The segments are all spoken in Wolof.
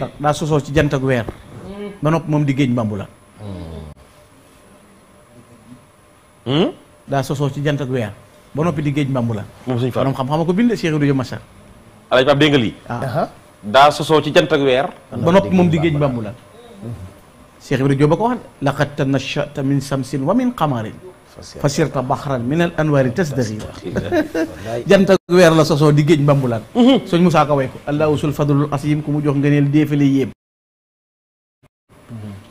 ndax mm. mm. mm? daa sosoo ci jant ak weer ba noppi moom di géej mbambu la daa sosoo ci jant ak ba noppi di géej la moom suñ fa borom xam-xam ko bind Cheikh Ibrahima Massar alaaj Pape dégg nga lii ah. daa sosoo ci jant ak weer ba noppi moom di géej mbambu la mm-hmm. Cheikh Ibrahima Diop ba ko wax laqad tanashata min samsin wa min qamarin فسيرت بحرا من الانوار تزدري جانت وير لا سوسو دي گيج بامبولان سوني موسى كا ويكو الله وسل فضل العظيم كوم جوخ ngeenel ديفلي ييب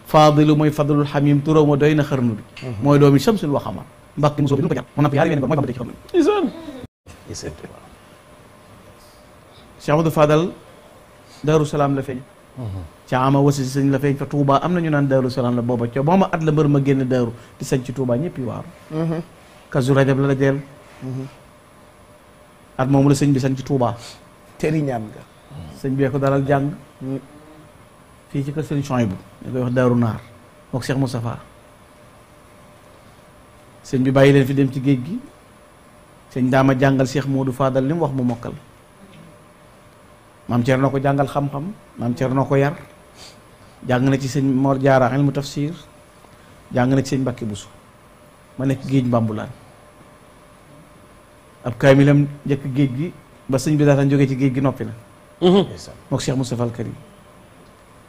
فاضل موي فضل الحميم تورو مو دوينا خرنو بي موي دومي شمس الوخما مباكي موسو بن ko jam mo nap yaari wen moy bambe ci xamul isan isan Cheikh Amadou Fadal Darou Salam ca ama wasi sëñ la feeñ fa Touba am na ñu naan Daaru Salaam la booba ca mooma at la mbër ma génn Daaru di sañ ci Touba ñëpp yi waaru mm-hmm. kazu rajab la la jeel mm-hmm. at moomu la sëñ bi sañ ci tuubaa teri ñaan nga bee ko dalal jàng mm. fii ci kër sëñ Chouaïbou ñu koy wax Daaru Naar mook Cheikh Moustapha sëñ bi bàyyi leen fi dem ci géej gi sëñ daama jàngal seex moo du Fadal li mu wax mu mokkal maam Thierno ko jàngal xam-xam maam Thierno ko yar jàng na ci sëñ Mor Diarra ilmu tafsir jàng na ci sëñ Mbàkke Busu ma nekk géej mbambulaan ab kaamilam njëkk géej gi ba sëñ bi daataan jógee ci géej gi noppi na mhm. mook Cheikh Moustapha al Karim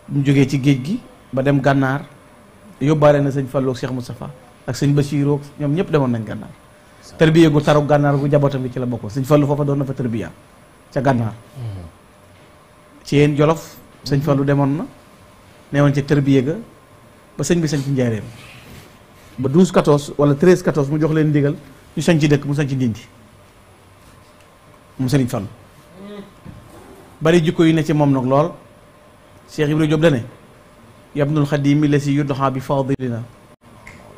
mu jógee ci géej gi ba dem gànnaar yóbbaale na sëñ Fallu Cheikh Moustapha ak sëñ Basiiru ñoom ñëpp demoon nañ gànnaar tërbiya gu taru gànnaar gu jabootam ci la bokkoon sëñ Fallu foofa doon na fa tërbiya ca gànnaar mhm. ci yéen Jolof sëñ Fallu demoon na neewoon ca tërbiye ga ba sëñ bi sañ ci njaareem ba 12 14 wala 13 14 mu jox leen ndigal ñu sañ ci dëkk mu sañ ci ndindi mu sëriñ Fall bari jikko yi ne ci moom nag lool Cheikh Ibrahima Diop dane yabnul xadimi la si yuddoxa bi fadilina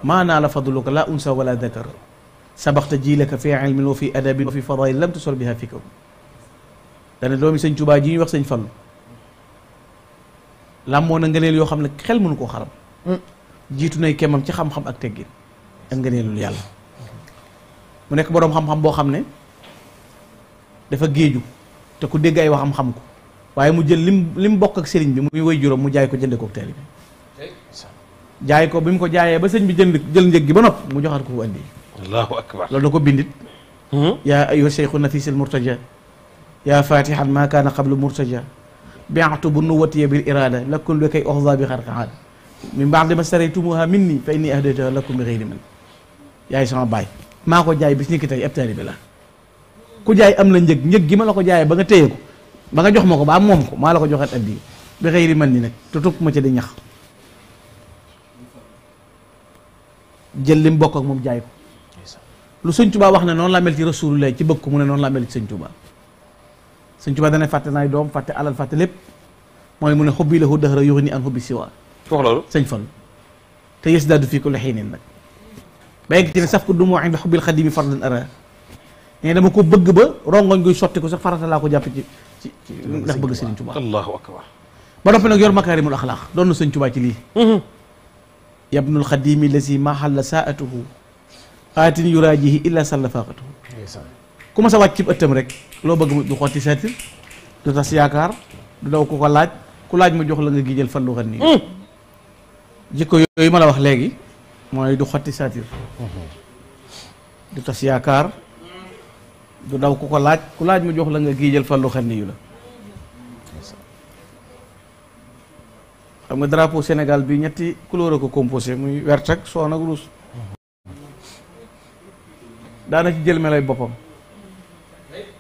maanaa la fadluka la unsa wala dakar sabaxta jiilaka fi ilmin wa fi adabin wa fi fadail lam tusol biha fikr dane doomi sëñ Tuubaa ji ñuy wax sëñ Fall làmboo na ngëneel yoo xam ne xel mënu koo xaram mm. jiitu nay kemam ci xam-xam ak teggin ak ngëneelul yàlla mu nekk boroom xam-xam boo xam ne dafa géeju te ku dégg ay waxam xam ko waaye mu jël lim lim bokk ak sëriñ bi muy woy juróom mu jaay ko jënde ko teel bi jaay ko bi mu ko jaayee ba sëñ bi jënd jël njëg gi ba nopp mu joxaat ko andi allahu akbar loolu da ko bindit hmm? yaa ayyuha sheykhuna fiisil murtaja yaa fatihan ma kaana murtaja بعت بنوتي بالإرادة لكن لكي أخذ بخرق عاد من بعد ما سريتموها مني فإني أهديتها لكم بغير من يا سما باي ما هو جاي بس نيكي تاي بلا كو جاي أم لنجك نجك جيما لكو جاي بغا تيكو بغا جوخ موكو بغا مومكو ما لكو جوخ أبي بغير من نك تطوك ما تدي نيخ جلم بوكو موم جايكو لو سنتوبا واخنا نون لا ملتي رسول الله تي بكو مون نون لا ملتي سنتوبا سنجو با داني ناي دوم فاتي علال فاتي لب موي موني حبي له دهر يغني ان حبي سوا فخلال سنج في كل حين نك بايك تي نصف كو دمو عند الخديم فرض ارا ني دا مكو بغ با رونغون غوي سوتي كو سا فرات لا كو جاب تي ناخ بغ الله اكبر با نوب نك يور مكارم الاخلاق دون سنج توبا تي يا ابن الخديم الذي ما حل ساعته آت يراجيه إلا صلى kuma sa wacc wàcc rek lo bëgg du xoti seetil du tas yaakar du daw ko ko laaj ku laaj mu jox la nga gijeel fa lu xani mm. jikko yoy ma la wax legi moy du xoti saatir du tas yaakar du daw ko ko laaj ku laaj mu jox la nga fa lu xani yu la am drapeau bi ñetti couleur ko composé muy ak ak ci jël melay bopam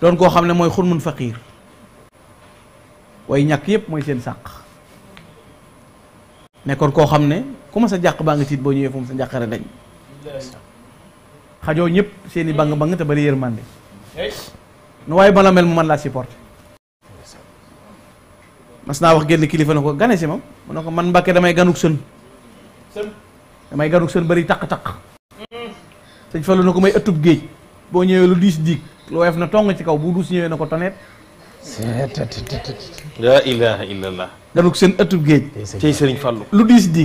doon koo xam ne mooy xun mun faqiir way ñàkk yépp mooy seen sàq nekkoon koo xam ne ku ma sa jàq baa nga tiit boo ñëwee fu mu sa njàqare dañ xajoo ñëpp seeni bang bang te bari yërmande nu waaye bala mel mu man laa supporté mas naa wax génn kilifa na ko gane si mam mu ne ko man mbàkke damay ganuk sën damay ganuk sën bari taq-taq sëñ Fallu na ko may ëttub géej boo ñëwee lu diis diig Lo woyof na tong ci kaw bu dus ñewé nako tonet la ilaha illallah lu seen ëttub geej ci serigne fallu lu dis di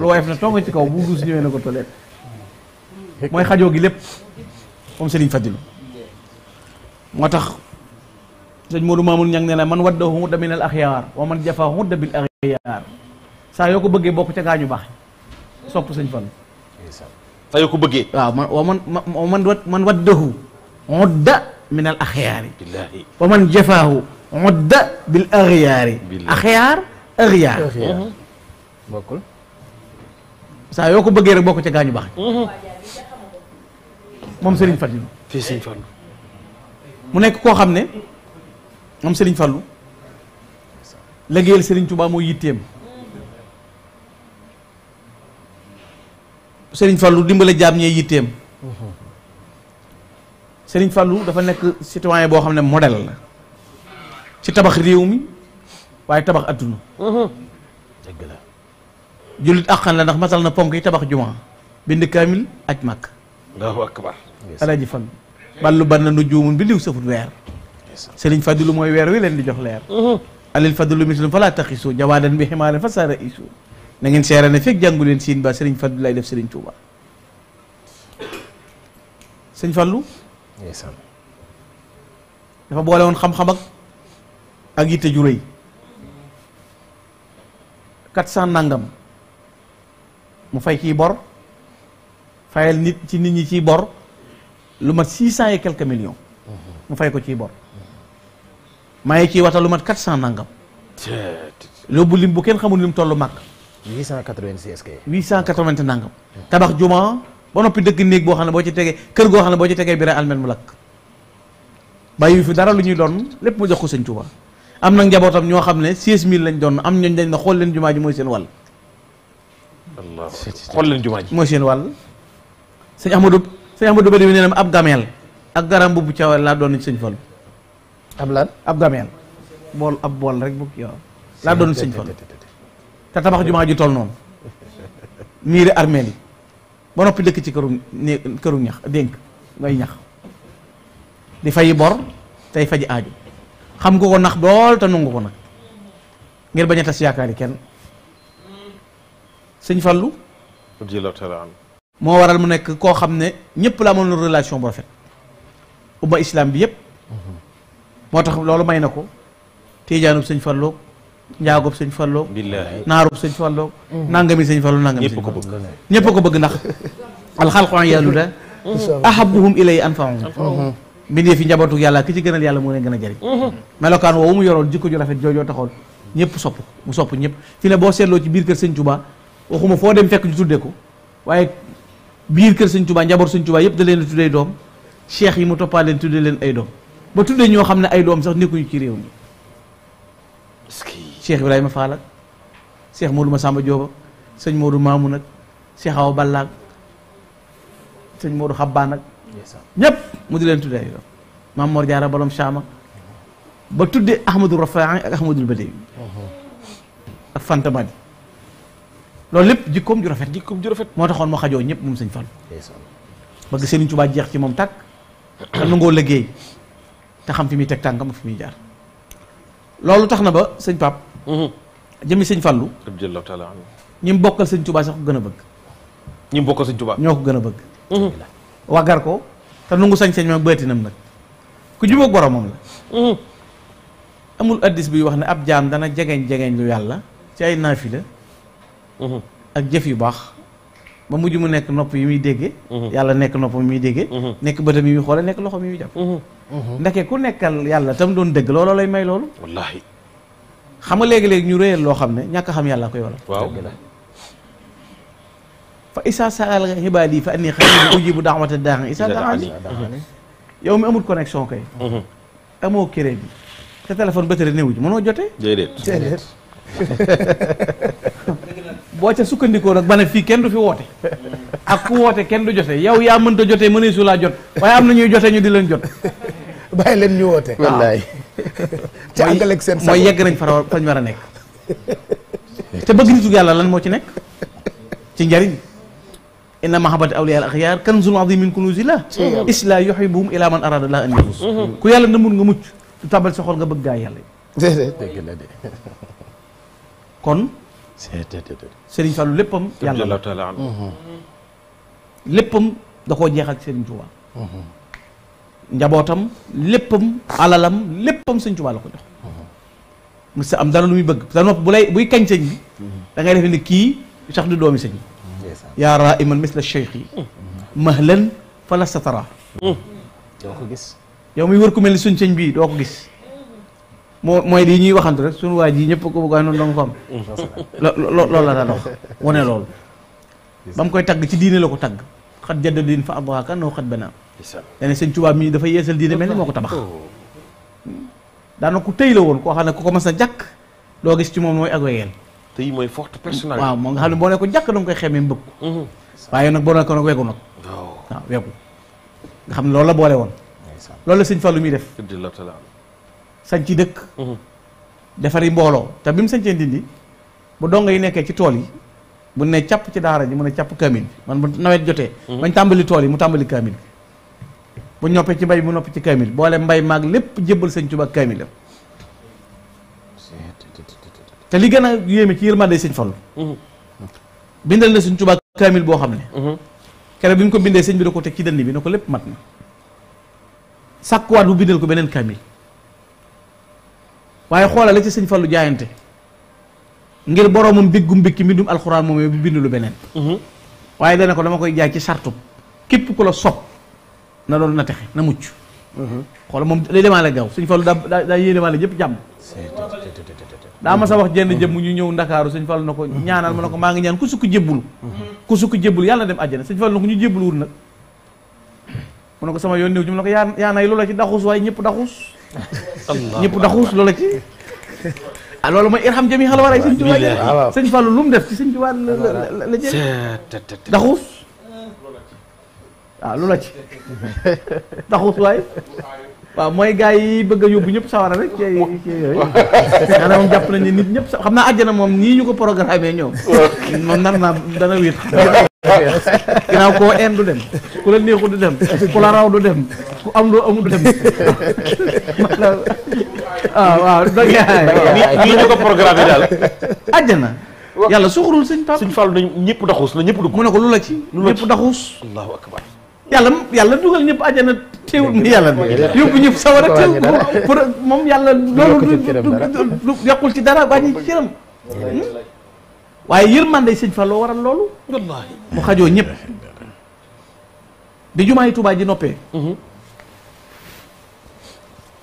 Lo na tong ci kaw bu dus ñewé nako tonet mooy gi lepp mom serigne fadilu motax tax Modou Mamoun ñang neena man wadda hudda min al akhyar wa man jafa hudda bil akhyar sa yoo ko bëggee bokk ca gaañu sopp fallu man wa man man waddahu udda min al axyaari man jafaahu udda bil axyaari axyaar axyaar saa yoo ko bëggee rek bokk ca gaañu baax mhm. moom Serigne Fallou fii mu nekk koo xam ne moom Serigne Fallou liggéeyal Serigne Touba mooy yitteem Serigne Fallou dimbale jaam ñee yitteem mhm. Serigne Fallou dafa nekk citoyen boo xam ne modèle la ci tabax réew mi waaye tabax adduna. Mhm. dëgg la. jullit àqan la ndax matal na ponk yi tabax juma bind kaamil aj màkk. allahu akbar. alaaji Fallou. ballu ban na nu juumun bi liw safut weer. Serigne lu mooy weer wi leen di jox leer. Mhm. alil Fadilu mislum falaa taxisu jawaadan bi ximaarin fa saara isu na ngeen seera ne fekk jàngu siin ba Serigne Fadilu lay def Serigne Touba. Serigne Fallou. ndeysaan dafa boole woon xam-xam ak ak yitte ju rëy quatre cent nangam mu fay ciy bor fayal nit ci nit ñi ciy bor lu mat six cent et quelques millions mu fay ko ciy bor maye ciy wata lu mat quatre cent nangam loobu lim bu kenn xamul lim tollu màkk huit cent quatre-vingt-six huit cent quatre-vingt nangam tabax juma ba noppi dëkk néeg boo xam ne boo ci tegee kër goo xam ne boo ci tegee biray almel mu lakk bàyyi fi dara lu ñuy doon lépp mu jox ko sëñ Tuuba am na njabootam ñoo xam ne 16000 lañ doon am ñooñ dañ na xool leen jumaa ji mooy seen wàll Allah xool leen jumaa ji mooy seen wàll sëñ Amadou sëñ Amadou Bari nee na ab gameel ak garam bu bu laa doon ci sëñ Fallu ab lan ab gameel bool ab bool rek bu yow laa doon sëñ Fallu te tabax jumaa ji toll noonu miiri armeel yi ba noppi dëkk ci këru né këru ñax dénk ngay ñax di fay bor tey faji aaju xam nga ko nax dool te nungu ko nag ngir bañ a tas yaakaari kenn sëñ Fallou moo waral mu nekk koo xam ne ñëpp la amoon relation bu rafet ubba islam bi yëpp mhm. moo tax loolu may na ko tiijaanub sëñ Fallou njaagub sëñ Fallou naarub sëñ Fallou mm-hmm. nangami sëñ Fallou nangami sëñ Fallou ñëpp ko bëgg ndax alxalqu yàllu da mm-hmm. ahabuhum ilay anfaahum mm-hmm. mbindee fi njabootu yàlla ki ci gënal yàlla moo leen gën a jëriñ melokaan woowu mu yoroon jikko ju rafet joojoo taxoon ñëpp sopp mu sopp ñëpp fi ne boo seetloo ci biir kër sëñ Touba waxuma foo dem fekk ñu tuddee ko waaye biir kër sëñ Touba njaboot sëñ Touba yëpp da leen di tuddee doom cheikh yi mu toppaa leen tuddee leen ay doom ba tuddee ñoo xam ne ay doom sax nekkuñu ci réew mi Cheikh Ibrahima Fall ak Cheikh Modou Massamba Diop sëñ Modou Mamoun ak Cheikh Awa Balla ak sëñ Modou Xabbaan ak ñëpp mu di leen tuddee ay doom Maam Mor Jaara Bolom Caam ak ba tuddee Ahmadou Rafaani ak Ahmadul Badawi ak Fanta Madi loolu lépp jikkoom ju rafet jikkoom ju rafet moo taxoon ma xajoo ñëpp moom sëñ Fall bëgg Sëriñ Tuubaa jeex ci moom tàkk te nangoo liggéey te xam fi muy teg tànkam fi muy jaar loolu tax na ba sëñ Pape Mhm. jëmmi sëñ Fallou. abdoulaye taala ñi mu bokkal sëñ Touba sax gën a bëgg. ñi mu bokkal sëñ ñoo ko gën a bëgg. Mhm. waggar ko te nungu sañ sañ ma bëtinam nag ku jubóog boromam la. Mhm. amul addis bi wax ne ab jaam dana jegeñ jegeñ lu yàlla ci ay naafila ak jëf yu baax. ba mujj mu nekk nopp yi muy déggee. yàlla nekk nopp yi muy déggee. nekk bëtam yi muy xoolee nekk loxo yi muy jàpp. ndeke ku nekkal yàlla tam doon dëgg looloo lay may loolu. xam nga léegi-léegi ñu réyal loo xam ne ñàkk xam yàlla koy waral waaw fa isa saal xibaadi fa anni xaribu ujibu daxwata daaxan isa daxani yow mi amul connexion kay mhm. amoo crédit bi te téléphone batterie néew ji mënoo jote boo ca sukkandikoo nag ba ne fii kenn du fi woote ak ku woote kenn du jote yow yaa mënta jotee mënee su laa jot waaye am na ñuy jote ñu di leen jot bàyyi leen ñu woote wallaay te àggale ak seen mooy yegg nañ fa fañ war a nekk te bëgg nitu yàlla lan moo ci nekk ci njariñ inna mahabbata awliya al axyaar kanzun azim min kunuzillah isla yuhibuhum ila man arada laa an yafus mm-hmm. ku yàlla namul nga mucc du tàmbal sa xol nga bëgg a yàlla dégg la de kon Serigne Fallou léppam yàlla mm-hmm. léppam da koo jeex njabootam léppam alalam léppam sëñ Tuubaa la ko jox musta mhm. am dara muy bëgg sa nopp bu lay buy kañ sëñ bi mhm. da ngay defe ni kii sax du doomi sëñ bi yaa raa iman misla cheikh yi mhm. mahlan fala satara doo ko gis muy wër ku mel suñ sëñ bi doo ko gis moo mooy lii ñuy waxantu rek suñu waa ji ñëpp ko bëgg waaye noonu danga ko am loolu la daan wax wane loolu ba koy tagg ci diine la ko tagg xat jadda din fa abwaaka noo xat benaa nee na sëñ Tuubaa mii dafa yeesal diine mel ni moo ko tabax oh. daana ku tëy la woon koo xam ne ku ko ma sa jàkk loo gis ci moom mooy ak wegeel tëy mooy forte personnalité waaw moo nga xam ne boo ne ko jàkk da koy xemee mbëgg mm-hmm. waaye nag boo ne ko nag wegu nag waaw nga xam loolu la boole woon loolu la sëñ Fallou muy def sañ ci dëkk mm-hmm. mbooloo te bi mu sañcee Ndindi bu donga yi nekkee ci tool yi mu ne càpp ci daara ji mu ne càpp kaamil man bu nawet jotee mm-hmm. bañ tàmbali tool yi mu tàmbali kaamil bi bu ñoppee ci mbay mu noppi ci kaamil boole mbay maag lépp jébbal sëñ Tuubaa kaamilam te li gën a yéeme ci yërmande sëñ Fallu bindal na sëñ Tuubaa kaamil boo xam ne keroog bi mu ko bindee sëñ bi da ko teg ci dënn bi ne ko lépp mat na sàkkuwaat bu bindal ko beneen kaamil waaye xoolale ci sëñ Fallu jaayante ngir boroomam biggum bikki mbindum alxuraan moom bi bind lu beneen mm-hmm. waaye dana ko dama koy jaay ci sartu képp ku la sopp na loolu na texe na mucc. Mhm. xool moom day demaale gaaw sëñ Fallu daa daa yéenemaale ñëpp jàmm. daa ma sa wax jenn jëm ñu ñëw ndakaaru sëñ Fallu na ko ñaanal ma na ko maa ngi ñaan ko sukk jébbul. ku sukk jébbul mhm. yàlla na dem àjjana sëñ Fallu na ko ñu jébbul wul nag. mu ne ko sama yoon néew ci mu ne ko yaa yaa nay loola ci daxuus waaye ñëpp daxuus. ñëpp daxuus loola ci. ah loolu mooy irham jëmi xel waray sëñ Tuubaa ah, sëñ Fallu lu mu def ci sëñ Tuubaa la la la ah lu la tak usai pak mau gay bega yu bëgg a yóbbu karena sawara rek kii kii yooyu nga ne moom jàpp nañu nit ñëpp xam naa àjjana moom nii ñu ko programmé ñoom moom nar naa dana wéet ginnaaw koo en du dem ku la neexu du dem ku la raw du dem ku am loo amul du dem ah waaw waaw dëgg nii ñu ko programmé daal àjjana yàlla suxurul sëñ Pape sëñ Fallou nañ la ñëpp du ko ne ko lu la ci ñëpp daxuus allahu akbar yàlla yàlla dugal ñépp àjjana teewul mu yàlla bi yóbbu ñëpp sawara teewul pour moom yàlla loolu du yokkul ci dara wàññi ci cëram hmm? waaye yërmande sëñ fa loo waral loolu wallaahi mu xajoo ñëpp bi jumaa yi Tuubaa ji noppee mm-hmm.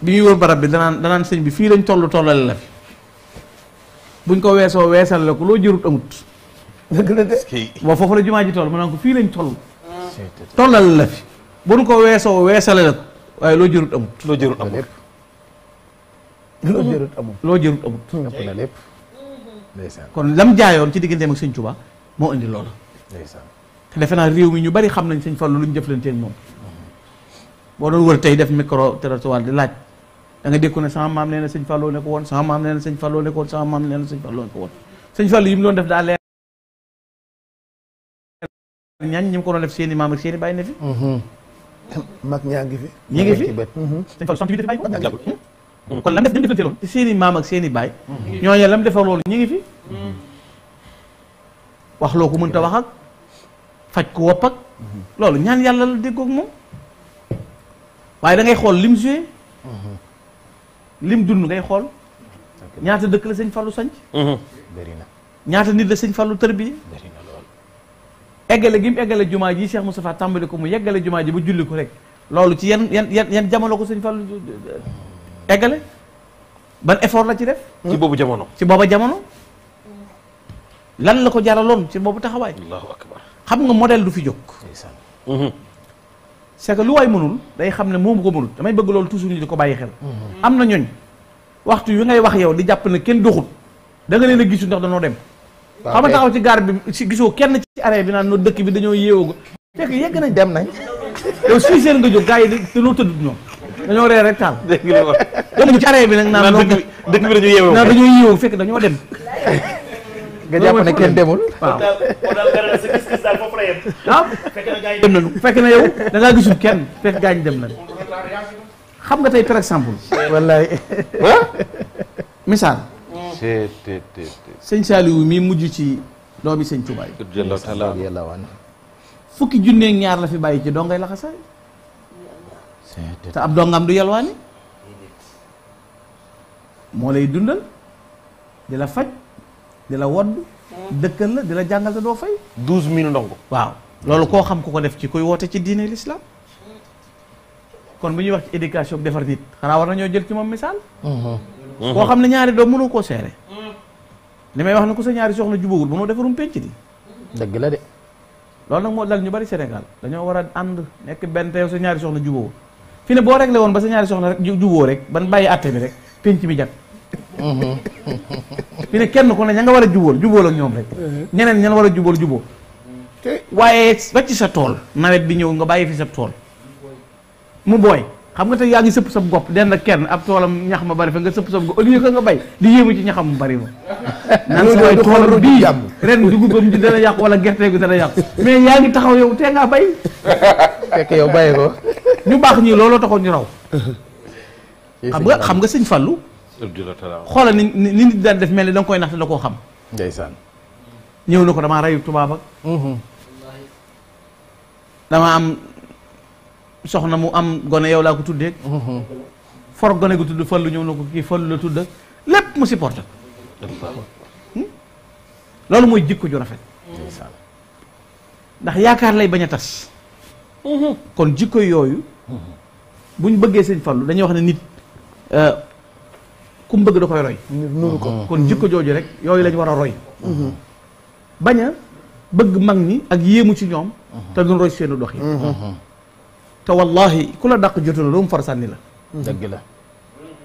bi ñuy danaan sëñ bi fii lañ toll tollale buñ ko weesoo weesal la ko loo jërut amut dëgg de boo foofu la jumaa ji toll mu naan ko fii lañ toll tonnal la fi buñ ko weesoo weesale la ko waaye loo jërut amut loo jërut amut loo jërut amut loo jërut kon lam jaayoon ci digganteem ak sëñ Tuubaa moo indi loolu te defe naa réew mi ñu bari xam nañ sëñ Fallu lu ñu jëflanteeg moom mm-hmm. boo doon wër tey def micro territoire di laaj da nga dékku ne sama maam nee sëñ Fallou ne ko woon sama maam nee na sëñ Fallou ne ko woon sëñ Fallou ne yi mu doon def daa leer ñaan ñi mu ko seeni maam ak seeni mhm. ñaa ngi fi ñi ngi fi sëñ mhm. Fall sant bi def bàyyi ko kon lam def seeni maam ak seeni bàyyi mhm. ñooñu lam defar ngi fi loo ko mënta wax ak ko wopp loolu ñaan yàlla la déggoog moom waaye da ngay xool lim joué lim dund ngay xool ñaata dëkk la sëñ Fallu sanc ñaata nit la sëñ Fallu tër eggale gi mu eggale jumaa ji Cheikh Moustapha tàmbali ko mu yeggale jumaa ji ba julli ko rek loolu ci yan yan yan yan jamono ko sëñ Fallu eggale ban effort la ci def. Hmm? ci boobu jamono ci booba jamono. lan la ko jaraloon ci boobu taxawaay. allahu xam nga modèle du fi jóg. Hmm. c'est lu waay mënul day xam ne moomu ko mënul damay bëgg loolu toujours ñu ko bàyyi xel. Hmm. am na ñooñ waxtu wi ngay wax yow di jàpp ne kenn doxul da nga leen gisu ndax danoo dem. xam nga taxaw ci gaar bi si gisoo kenn ci arrêt bi naan no dëkk bi dañoo yeewoo fekk yegg nañ dem nañ yow six heures nga jóg gars yi te loo tëddut dañoo ree rek taal dëkk ci arrêt bi nag naan dëkk bi dañoo yeewoo naan dañoo yeewoo fekk dañoo dem nga jàpp ne kenn demul waaw ah? dem nañu fekk na yow da gisul kenn fekk gaañ dem nañu xam nga tey par exemple wallaay misaal te te sëñ Saliou mii mujj ci doomi sëñ Touba yi radiyallahu anhu fukki junneeg ñaar la fi bàyyi ci dongay laxasaay te ab dongam du yalwaani moo lay dundal di la faj di la wodd dëkkal la di la jàngal te doo fay waaw loolu koo xam ku ko def ci kuy woote ci diine l'islam kon bu ñuy wax ci éducation defar nit xanaa war nañoo jël ci moom misaal mm-hmm. koo xam ne ñaari doom mënoo koo seere li may wax na ko sa ñaari soxna jubóogul mënoo defarum penc di dëgg la de loolu nag moo dal ñu bari Sénégal dañoo war a ànd nekk benn te yow sa ñaari soxna jubóowul fi ne boo réglé woon ba sa ñaari soxna rek jubóo rek ban bàyyi àtte bi rek penc mi jag mm-hmm. fi ne kenn ku ne ña nga war a jubóol juboo ak ñoom rek mm-hmm. ñeneen ñan war a jubóol jubóo waaye wàcc sa tool nawet bi ñëw nga bàyyi fi sa tool mu booy xam nga te yaa ngi sëpp sa gopp dend ak kenn ab toolam ñax ma bari fa nga sëpp sa gopp au lieu que nga bay di yéemu ci ñaxam mu bari ma naan sa waay toolam wala gerte gi dana yàqu mais yaa ngi taxaw yow te ngaa bay fekk yow bàyyi ko ñu baax ñii looloo taxoon ñu raw xam nga xam nga sëñ Fallou xoolal ni ni nit daan def mel ni da koy nax te da koo xam ndeysaan ñëw na ko damaa rayu tubaab ak mhm. am soxna mu am gone yow laa ko tuddee mhm. for gone gu tudd fallu ñëw na ko kii fallu la tudd lépp mu supporté hmm? loolu mooy jikko ju rafet ndax yaakaar lay bañ a tas mhm. kon jikko yooyu mhm. buñ bëggee sëñ fallu dañuy wax ne nit euh, ku mu bëgg da koy roy kon jikko jooju rek yooyu lañ war a roy bañ a bëgg mag ñi ak yéemu ci ñoom te duñ roy seenu dox te wallahi ku la dàq jotu la lu mu for sànni la. dëgg la.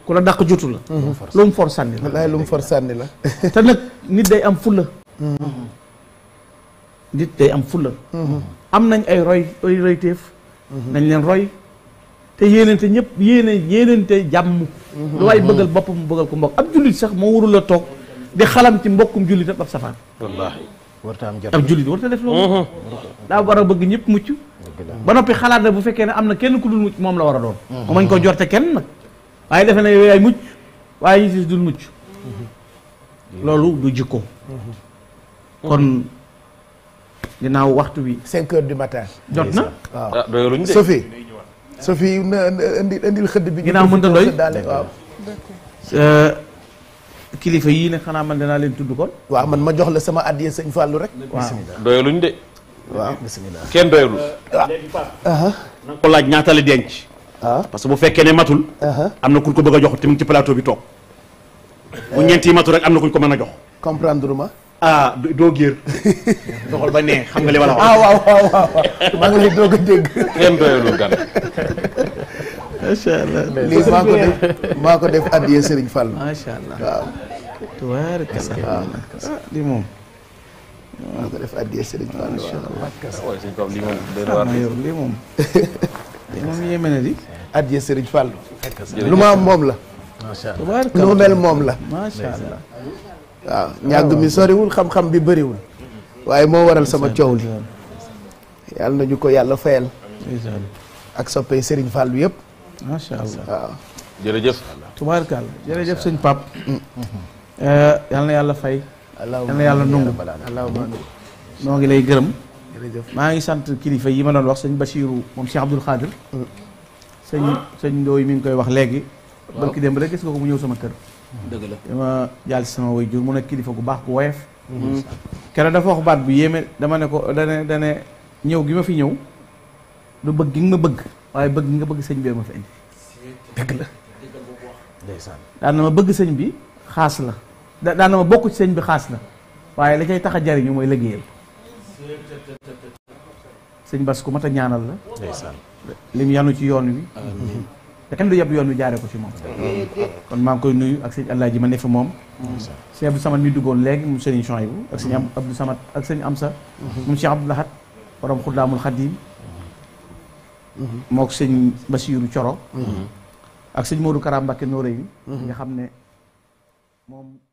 ku la dàq jotu la. lu mu for lu mu for sànni la. te nag nit day am fulla. nit day am fulla. am nañ ay roy ay nañ leen roy. te yéenante ñëpp yéene yéenante jàmm. lu waay bëggal boppam bëggal ko mbokk ab jullit sax moo warul la toog di xalam ci mbokkum jullitam ab safaan. ab jullit warta def loolu. daa war a bëgg ñëpp mucc. ba noppi xalaat na bu fekkee ne am na kenn ku dul mucc moom la war a doon mu mañ ko jorte kenn waaye defe na yow yaay mucc waaye ñu si loolu du jikko kon waxtu bi cinq heures du jot na waaw ah, doyaluñ de Sophie Sophie indi xëdd bi ginnaaw mënta euh, yii ne xanaa man danaa leen tudd kon waaw man ma jox la sama addiya sëñ Fallou rek waaw doyaluñ de waaw bisimilah kenn doyalul. waaw euh, ah. léegi uh-huh. ah. parce que bu fekkee ne matul. Uh-huh. am na ku ko bëgg a jox te mu bi toog. Euh. bu ñeent am na ku ko mën a jox. comprendre ah ah a dégg. kenn def maa waaw ah. lii moom. هذا الاف ادي السرج ما شاء الله كسر ليمون ليمون moom yéeme na di. addiya Serigne Fallou. lu ma am moom la. macha allah lu ma mel moom la. macha allah waaw ñàgg mi soriwul xam-xam bi bëriwul. waaye moo waral sama coow li. yàlla nañu ko yàlla fayal. ak soppee Serigne Fallou yëpp. macha allah waaw. jërëjëf. tubaarkàlla jërëjëf sëñ Pape. yàlla na yàlla fay. na yàlla nangu moo ngi lay gërëm maa ngi sant kilifa yi ma doon wax sëñ Bachiru moom Cheikh Abdoul Khadir mm. sëñ sëñ Ndooy mi ngi koy wax léegi ki démb rek gis nga ko mu ñëw sama kër dëgg la jàll si sama way jur mu nekk kilifa gu baax gu woyof mm-hmm. mm. kenn dafa wax baat bu yéeme dama ne ko dane dane ñëw gi ma fi ñëw du bëgg gi nga bëgg waaye bëgg nga bëgg sëñ bi ma fi indi dëgg la daan ma bëgg sëñ bi xaas la daan na ma bokk ci sëñ bi xaas la waaye la cay tax a jariñu mooy liggéeyal sëñ bas ku mat a ñaanal la lim yanu ci yoon wi te kenn du yeb yoon wi jaaree ko ci moom kon maa ngi koy nuyu ak sëñ ji ma ne fi moom sëñ Abdou Samad mi duggoon léegi mu sëñ Chouaïbou ak sëñ Abdou Samad ak sëñ Amsa mu Cheikh Abdou Lahad borom Xuddaamul Xadim moo ko sëñ Basiiru Coro ak sëñ Modou Karam Mbakke Nooréy nga xam ne moom